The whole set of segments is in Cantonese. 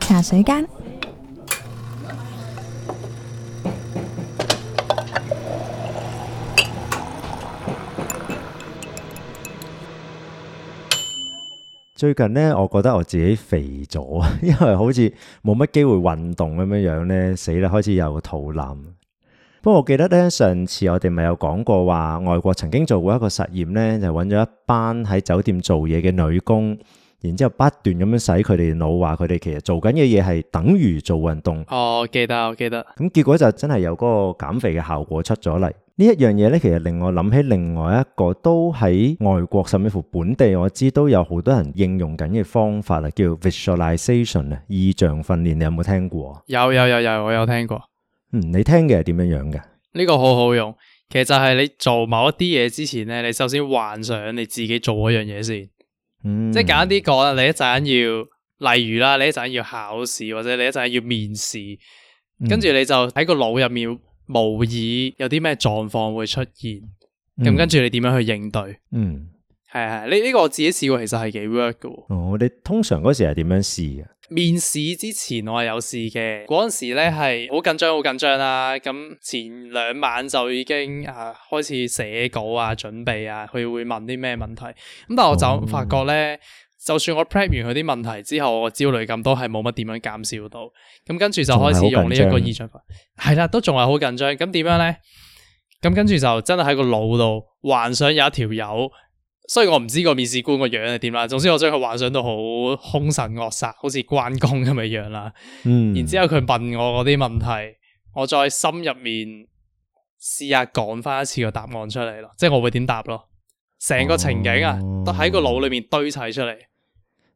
茶水間最近呢，我覺得我自己肥咗，因為好似冇乜機會運動咁樣樣呢，死啦，開始有肚腩。不過我記得呢，上次我哋咪有講過話，外國曾經做過一個實驗呢，就揾咗一班喺酒店做嘢嘅女工。然之後不斷咁樣洗佢哋腦，話佢哋其實做緊嘅嘢係等於做運動。哦，記得，我記得。咁結果就真係有嗰個減肥嘅效果出咗嚟。呢一樣嘢咧，其實令我諗起另外一個都喺外國甚至乎本地，我知都有好多人應用緊嘅方法啊，叫 visualization 啊，意象訓練。你有冇聽過？有有有有，我有聽過。嗯，你聽嘅係點樣樣嘅？呢個好好用，其實就係你做某一啲嘢之前咧，你首先幻想你自己做嗰樣嘢先。嗯、即係簡單啲講，你一陣要，例如啦，你一陣要考試或者你一陣要面試，嗯、跟住你就喺個腦入面模擬有啲咩狀況會出現，咁、嗯、跟住你點樣去應對？嗯，係係，呢、呢、呢個我自己試過，其實係幾 work 嘅。我哋、哦、通常嗰時係點樣試嘅？面試之前我係有試嘅，嗰陣時咧係好緊張，好緊張啦。咁前兩晚就已經啊開始寫稿啊，準備啊，佢會問啲咩問題。咁但係我就發覺咧，嗯、就算我 prep 完佢啲問題之後，我焦慮咁多係冇乜點樣減少到。咁跟住就開始用呢一個意象法，係啦、啊，都仲係好緊張。咁點樣咧？咁跟住就真係喺個腦度幻想有一條友。所以我唔知個面試官個樣係點啦，總之我將佢幻想到好凶神惡煞，好似關公咁嘅樣啦。嗯、然之後佢問我嗰啲問題，我再喺心入面試下講翻一次個答案出嚟咯，即係我會點答咯。成個情景啊，哦、都喺個腦裏面堆砌出嚟。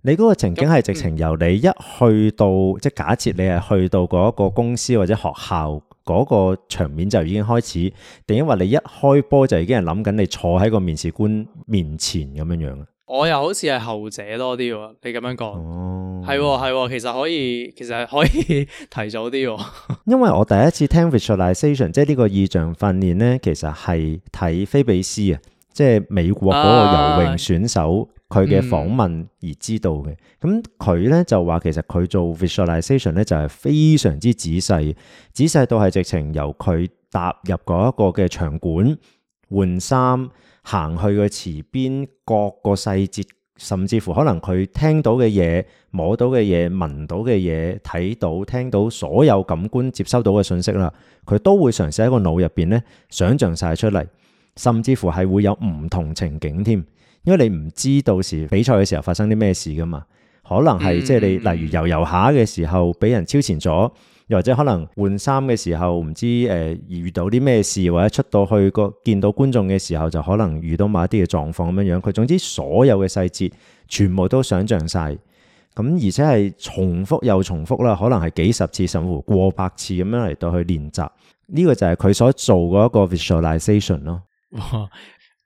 你嗰個情景係直情由你一去到，嗯、即係假設你係去到嗰一個公司或者學校。嗰個場面就已經開始，定抑或你一開波就已經係諗緊你坐喺個面試官面前咁樣樣啊？我又好似係後者多啲喎，你咁樣講，係係、oh. 哦哦，其實可以，其實可以提早啲喎。 因為我第一次聽 visualization，即係呢個意象訓練咧，其實係睇菲比斯啊，即係美國嗰個游泳選手。Ah. 佢嘅訪問而知道嘅、嗯，咁佢咧就話其實佢做 visualization 咧就係非常之仔細，仔細到係直情由佢踏入嗰一個嘅場館，換衫行去嘅池邊，各個細節，甚至乎可能佢聽到嘅嘢、摸到嘅嘢、聞到嘅嘢、睇到、聽到所有感官接收到嘅信息啦，佢都會嘗試喺個腦入邊咧想像晒出嚟，甚至乎係會有唔同情景添。因為你唔知道時比賽嘅時候發生啲咩事噶嘛，可能係即係你例如遊遊下嘅時候俾人超前咗，又或者可能換衫嘅時候唔知誒、呃、遇到啲咩事，或者出到去個見到觀眾嘅時候就可能遇到某一啲嘅狀況咁樣樣。佢總之所有嘅細節全部都想像晒咁，而且係重複又重複啦，可能係幾十次甚乎過百次咁樣嚟到去練習。呢個就係佢所做嗰個 visualization 咯。哇。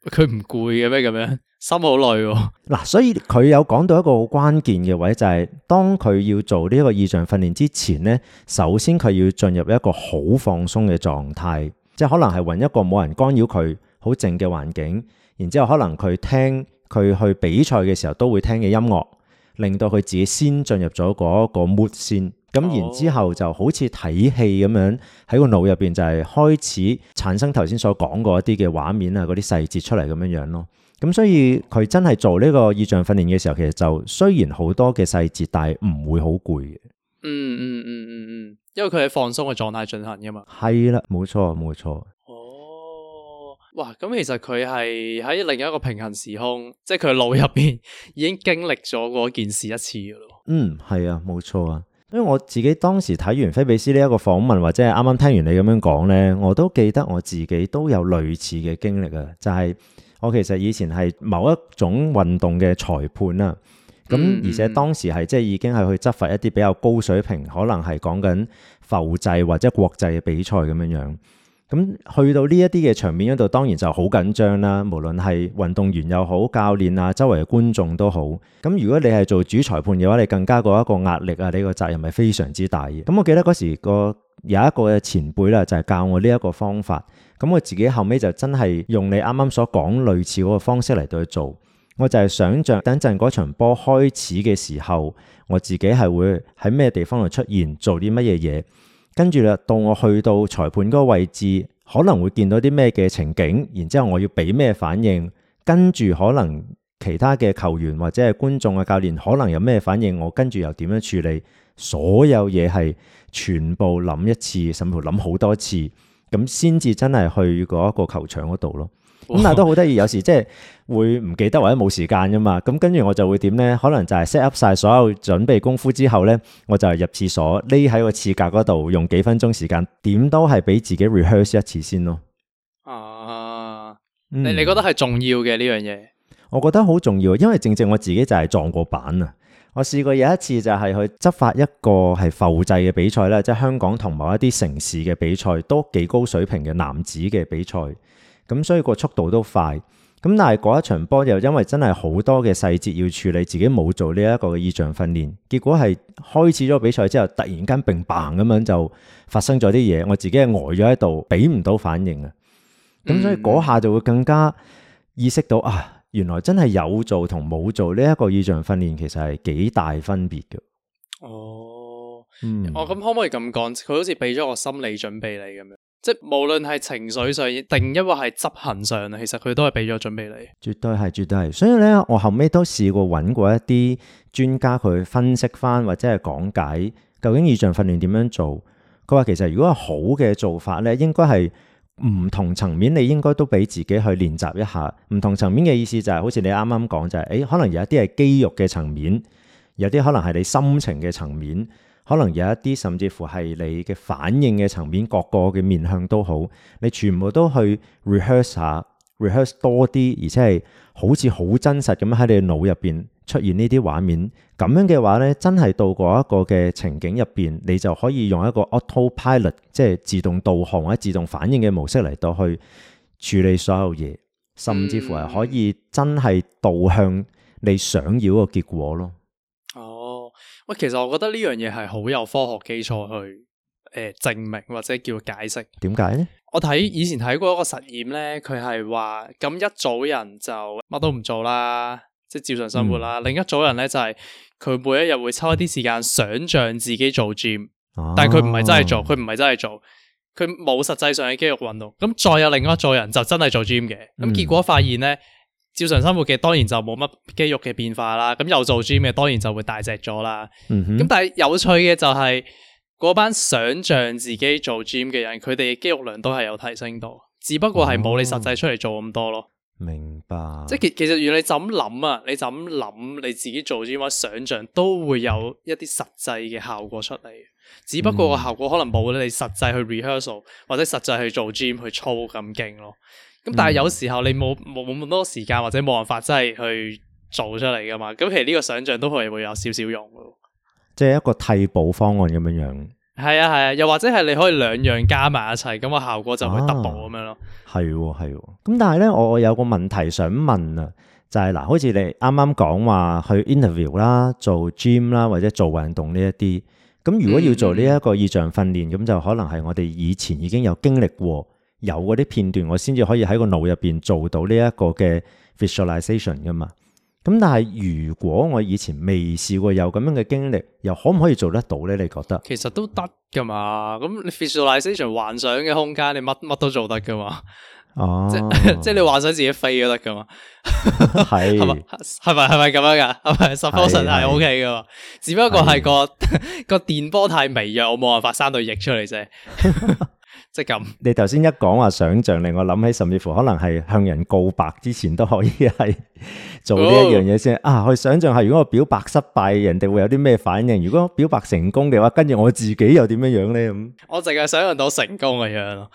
佢唔攰嘅咩咁樣？心好累喎。嗱，所以佢有講到一個好關鍵嘅位，就係當佢要做呢一個意象訓練之前咧，首先佢要進入一個好放鬆嘅狀態，即係可能係揾一個冇人干擾佢好靜嘅環境，然之後可能佢聽佢去比賽嘅時候都會聽嘅音樂，令到佢自己先進入咗嗰個 mood 先。咁然之後就好似睇戲咁樣喺個腦入邊就係開始產生頭先所講過一啲嘅畫面啊，嗰啲細節出嚟咁樣樣咯。咁所以佢真係做呢個意象訓練嘅時候，其實就雖然好多嘅細節，但係唔會好攰嘅。嗯嗯嗯嗯嗯，因為佢喺放鬆嘅狀態進行噶嘛。係啦，冇錯冇錯。哦，哇！咁、嗯、其實佢係喺另一個平行時空，即係佢腦入邊已經經歷咗嗰件事一次噶咯。嗯，係啊，冇錯啊。因為我自己當時睇完菲比斯呢一個訪問，或者係啱啱聽完你咁樣講咧，我都記得我自己都有類似嘅經歷啊！就係、是、我其實以前係某一種運動嘅裁判啦，咁而且當時係即係已經係去執法一啲比較高水平，可能係講緊浮製或者國際嘅比賽咁樣樣。咁去到呢一啲嘅場面嗰度，當然就好緊張啦。無論係運動員又好，教練啊，周圍嘅觀眾都好。咁如果你係做主裁判嘅話，你更加嗰一個壓力啊，你個責任係非常之大嘅。咁、嗯、我記得嗰時個有一個前輩咧，就係教我呢一個方法。咁、嗯、我自己後尾就真係用你啱啱所講類似嗰個方式嚟到去做。我就係想像等陣嗰場波開始嘅時候，我自己係會喺咩地方度出現，做啲乜嘢嘢。跟住啦，到我去到裁判嗰個位置，可能會見到啲咩嘅情景，然之後我要俾咩反應，跟住可能其他嘅球員或者係觀眾嘅教練可能有咩反應，我跟住又點樣處理，所有嘢係全部諗一次，甚至乎諗好多次，咁先至真係去嗰一個球場嗰度咯。咁、哦、 但都好得意，有時即係會唔記得或者冇時間噶嘛。咁跟住我就會點呢？可能就係 set up 晒所有準備功夫之後呢，我就入廁所，匿喺個廁格嗰度，用幾分鐘時間，點都係俾自己 rehearse 一次先咯。哦、啊，你你覺得係重要嘅呢樣嘢？嗯、 我覺得好重要，因為正正我自己就係撞過板啊。我試過有一次就係去執法一個係埠際嘅比賽咧，即係香港同某一啲城市嘅比賽，都幾高水平嘅男子嘅比賽。咁所以個速度都快，咁但係嗰一場波又因為真係好多嘅細節要處理，自己冇做呢一個嘅意象訓練，結果係開始咗比賽之後，突然間并 bang 咁樣就發生咗啲嘢，我自己係呆咗喺度，俾唔到反應啊！咁、嗯、所以嗰下就會更加意識到啊，原來真係有做同冇做呢一、這個意象訓練其實係幾大分別嘅。哦，嗯，我咁、哦、可唔可以咁講，佢好似俾咗我心理準備你咁樣。即係無論係情緒上定，抑或係執行上，其實佢都係俾咗準備你。絕對係，絕對係。所以咧，我後尾都試過搵過一啲專家，佢分析翻或者係講解究竟意象訓練點樣做。佢話其實如果係好嘅做法咧，應該係唔同層面，你應該都俾自己去練習一下。唔同層面嘅意思就係、是，好似你啱啱講就係、是，誒，可能有一啲係肌肉嘅層面，有啲可能係你心情嘅層面。可能有一啲甚至乎係你嘅反應嘅層面，各個嘅面向都好，你全部都去 rehearse 下，rehearse 多啲，而且係好似好真實咁喺你腦入邊出現呢啲畫面，咁樣嘅話咧，真係到過一個嘅情景入邊，你就可以用一個 auto pilot，即係自動導航或者自動反應嘅模式嚟到去處理所有嘢，甚至乎係可以真係導向你想要嘅結果咯。喂，其實我覺得呢樣嘢係好有科學基礎去誒、呃、證明或者叫解釋。點解呢？我睇以前睇過一個實驗呢，佢係話咁一組人就乜都唔做啦，即係照常生活啦。嗯、另一組人呢，就係、是、佢每一日會抽一啲時間想象自己做 gym，、啊、但係佢唔係真係做，佢唔係真係做，佢冇實際上嘅肌肉運動。咁再有另外一組人就真係做 gym 嘅，咁結果發現呢。嗯照常生活嘅當然就冇乜肌肉嘅變化啦，咁又做 gym 嘅當然就會大隻咗啦。咁、嗯、哼但係有趣嘅就係嗰班想像自己做 gym 嘅人，佢哋肌肉量都係有提升到，只不過係冇你實際出嚟做咁多咯、哦。明白。即係其其實，如果你就咁諗啊，你就咁諗你自己做 gym 或者想像都會有一啲實際嘅效果出嚟，只不過個效果可能冇你實際去 rehearsal 或者實際去做 gym 去操咁勁咯。咁但係有時候你冇冇冇咁多時間或者冇辦法真係去做出嚟噶嘛？咁其實呢個想象都係會有少少用嘅，即係一個替補方案咁樣樣。係啊係啊，又或者係你可以兩樣加埋一齊，咁個效果就會 double 咁樣咯。係喎係喎，咁、啊啊、但係咧，我有個問題想問啊，就係、是、嗱，好似你啱啱講話去 interview 啦、剛剛 interview，做 gym 啦或者做運動呢一啲，咁如果要做呢一個意象訓練，咁、嗯、就可能係我哋以前已經有經歷過。有嗰啲片段，我先至可以喺個腦入邊做到呢一個嘅 visualization 噶嘛。咁但係如果我以前未試過有咁樣嘅經歷，又可唔可以做得到咧？你覺得？其實都得噶嘛。咁你 visualization 幻想嘅空間，你乜乜都做得噶嘛。哦 即，即係你幻想自己飛都得噶嘛。係係咪係咪係咪咁樣噶？係咪 suppose 係 ok 噶嘛？只不過係個個是 電波太微弱，我冇辦法生到翼出嚟啫。 即咁，你頭先一講話想象，令我諗起，甚至乎可能係向人告白之前都可以係做呢一樣嘢先啊！去想象下，如果我表白失敗，人哋會有啲咩反應？如果表白成功嘅話，跟住我自己又點樣樣呢？咁我淨係想象到成功嘅樣咯。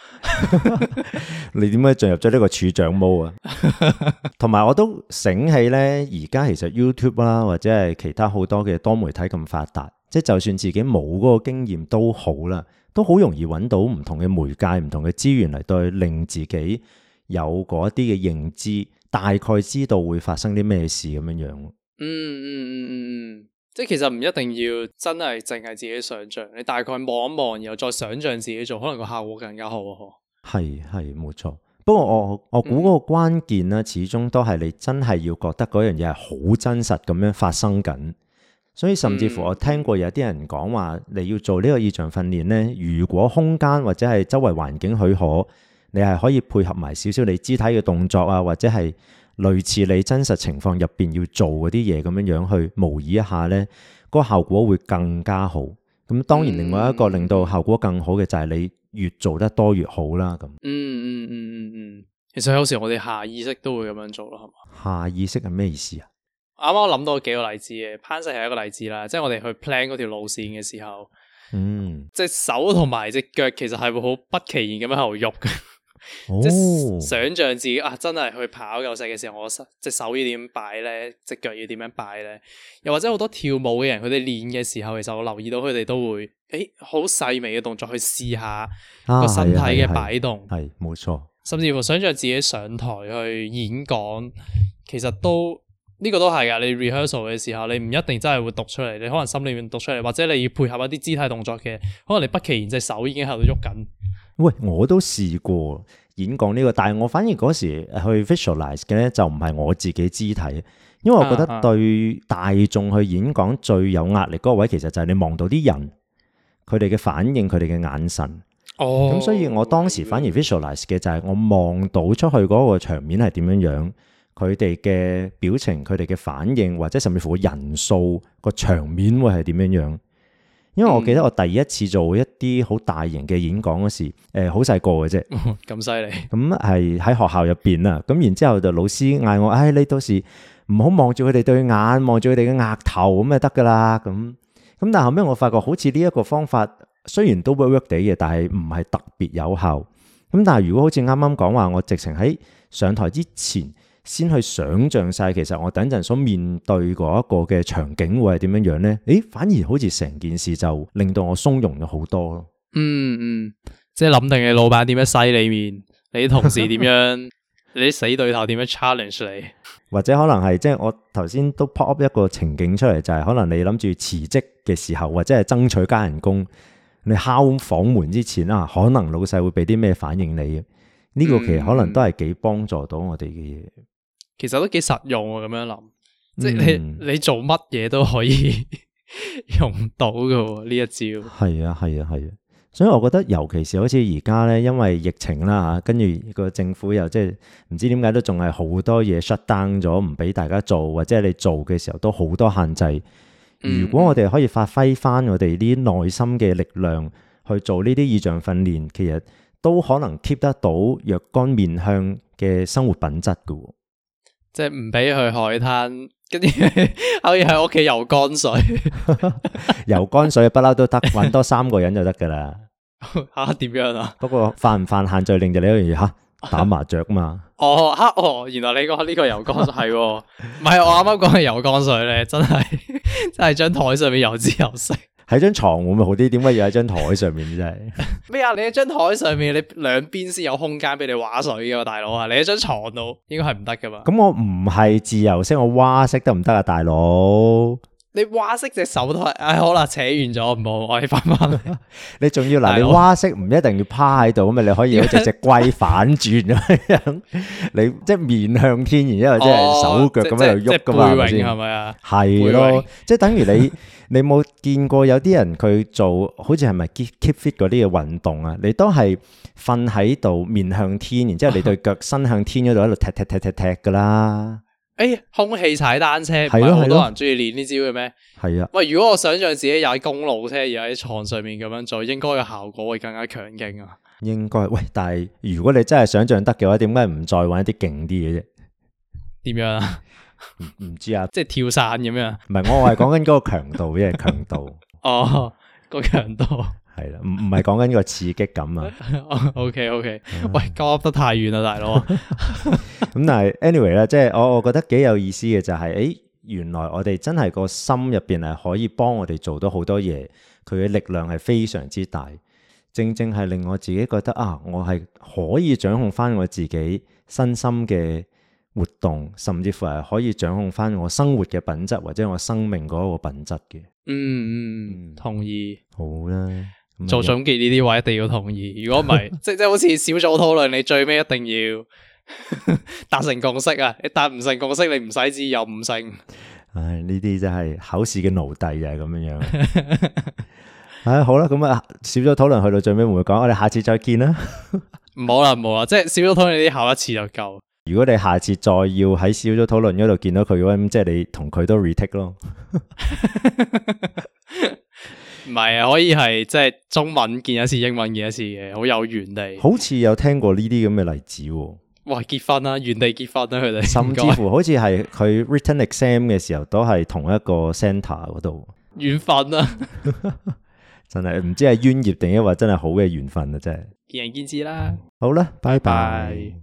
你點解進入咗呢個處長模啊？同埋我都醒起呢，而家其實 YouTube 啦，或者係其他好多嘅多媒體咁發達，即係就算自己冇嗰個經驗都好啦。都好容易揾到唔同嘅媒介、唔同嘅資源嚟對令自己有嗰一啲嘅認知，大概知道會發生啲咩事咁樣樣。嗯嗯嗯嗯嗯，即係其實唔一定要真係淨係自己想像，你大概望一望，然後再想像自己做，可能個效果更加好。係，係冇錯，不過我我估嗰個關鍵咧，始終都係你真係要覺得嗰樣嘢係好真實咁樣發生緊。所以甚至乎我聽過有啲人講話，你要做個呢個意象訓練咧，如果空間或者係周圍環境許可，你係可以配合埋少少你肢體嘅動作啊，或者係類似你真實情況入邊要做嗰啲嘢，咁樣樣去模擬一下咧，嗰個效果會更加好。咁當然另外一個令到效果更好嘅就係你越做得多越好啦。咁嗯嗯嗯嗯嗯，其實有時我哋下意識都會咁樣做咯，係嘛？下意識係咩意思啊？啱啱我諗到幾個例子嘅，攀石係一個例子啦，即係我哋去 plan 嗰條路綫嘅時候，嗯，隻手同埋隻腳其實係會好不期然咁樣喺度喐嘅，哦、即係想象自己啊，真係去跑夠細嘅時候，我手隻手要點擺咧，隻腳要點樣擺咧，又或者好多跳舞嘅人，佢哋練嘅時候，其實我留意到佢哋都會，誒、欸，好細微嘅動作去試下個身體嘅擺動，係冇錯，甚至乎想象自己上台去演講，其實都。呢個都係㗎，你 rehearsal 嘅時候，你唔一定真係會讀出嚟，你可能心裏面讀出嚟，或者你要配合一啲肢體動作嘅，可能你不期然隻手已經喺度喐緊。喂，我都試過演講呢、這個，但係我反而嗰時去 visualize 嘅咧，就唔係我自己肢體，因為我覺得對大眾去演講最有壓力嗰個位，啊啊其實就係你望到啲人佢哋嘅反應，佢哋嘅眼神。哦。咁所以，我當時反而 visualize 嘅就係我望到出去嗰個場面係點樣樣。佢哋嘅表情，佢哋嘅反應，或者甚至乎人數個場面會係點樣樣？因為我記得我第一次做一啲好大型嘅演講嗰時，好細、嗯呃、個嘅啫，咁犀利咁係喺學校入邊啦。咁然之後就老師嗌我：誒、哎、你到時唔好望住佢哋對眼，望住佢哋嘅額頭咁，咪得噶啦。咁咁，但後尾我發覺好似呢一個方法雖然都 work work 地嘅，但係唔係特別有效。咁但係如果好似啱啱講話，我直情喺上台之前。先去想像晒，其實我等陣所面對嗰一個嘅場景會係點樣樣呢？誒，反而好似成件事就令到我鬆容咗好多咯。嗯嗯，即係諗定你老闆點樣犀利面，你同事點樣， 你死對頭點樣 challenge 你，或者可能係即係我頭先都 pop up 一個情景出嚟，就係、是、可能你諗住辭職嘅時候，或者係爭取加人工，你敲房門之前啊，可能老細會俾啲咩反應你？呢、這個其實可能都係幾幫助到我哋嘅嘢。嗯。其實都幾實用喎，咁樣諗，嗯、即係你你做乜嘢都可以用到噶呢一招。係啊，係啊，係啊，所以我覺得，尤其是好似而家咧，因為疫情啦，跟住個政府又即係唔知點解都仲係好多嘢 shutdown 咗，唔俾大家做，或者你做嘅時候都好多限制。嗯、如果我哋可以發揮翻我哋啲內心嘅力量去做呢啲意象訓練，其實都可能 keep 得到若干面向嘅生活品質噶。即係唔俾去海灘，跟住可以喺屋企游乾水， 水，游乾水不嬲都得，搵多三個人就得噶啦。吓點、 啊、樣啊？不過犯唔犯限聚令就你一樣嘢吓，打麻雀啊嘛。 哦，吓哦，原來你講呢個游乾水係，唔係、 哦、我啱啱講係游乾水咧，真係真係張台上面游之游水。喺張床會唔會好啲？點解要喺張台上面啫？係？咩啊？你喺張台上面，你兩邊先有空間畀你畫水嘅，大佬啊！你喺張床度，應該係唔得噶嘛。咁我唔係自由式，我蛙式得唔得啊？大佬？你蛙式隻手都係，哎，好啦，扯完咗，唔好，我哋翻翻去。你仲要嗱，你蛙式唔一定要趴喺度咁嘛，你可以一隻隻龜反轉咁樣，你即係面向天，然之後即係手腳咁喺度喐噶嘛，先係咪啊？係咯，即係等於你，你冇見過有啲人佢做，好似係咪 keep fit 嗰啲嘅運動啊？你都係瞓喺度面向天，然之後你對腳伸向天嗰度喺度踢踢踢踢踢噶啦。誒、哎，空氣踩單車唔係好多人中意練呢招嘅咩？係啊的。喂，如果我想象自己踩公路車而喺床上面咁樣做，應該嘅效果會更加強勁啊。應該，喂，但係如果你真係想象得嘅話，點解唔再玩一啲勁啲嘅啫？點樣啊？唔知啊。即係 跳傘咁樣。唔係，我係講緊嗰個強度，因為強度。哦，個強度。係啦，唔唔係講緊呢個刺激感啊。O K O K，喂，交得太遠啦，大佬。咁 但係，anyway 咧，即係我我覺得幾有意思嘅就係、是，誒、哎，原來我哋真係個心入邊係可以幫我哋做到好多嘢，佢嘅力量係非常之大，正正係令我自己覺得啊，我係可以掌控翻我自己身心嘅活動，甚至乎係可以掌控翻我生活嘅品質，或者我生命嗰個品質嘅、嗯。嗯嗯，同意。好啦。做總結呢啲話一定要同意，如果唔係，即即係好似小組討論，你最尾一定要達成共識啊！ 你達唔成共識，你唔使知又唔成。唉、哎，呢啲就係考試嘅奴隸就係咁樣樣。唉、 哎，好啦，咁啊，小組討論去到最尾唔會講，我哋下次再見啦。唔，冇啦，好啦，即係、就是、小組討論啲考一次就夠。如果你下次再要喺小組討論嗰度見到佢嘅話，咁即係你同佢都 retake 咯。 唔係啊，可以係即係中文見一次，英文見一次嘅，有好有緣地。好似有聽過呢啲咁嘅例子，哦。哇，結婚啦，啊，原地結婚啦，啊，佢哋甚至乎好似係 佢 written exam 嘅時候，都係同一個 center 嗰度。緣分啦，啊， 真係唔知係冤孽定抑或真係好嘅緣分啊！真係見仁見智啦。好啦，拜拜。拜拜。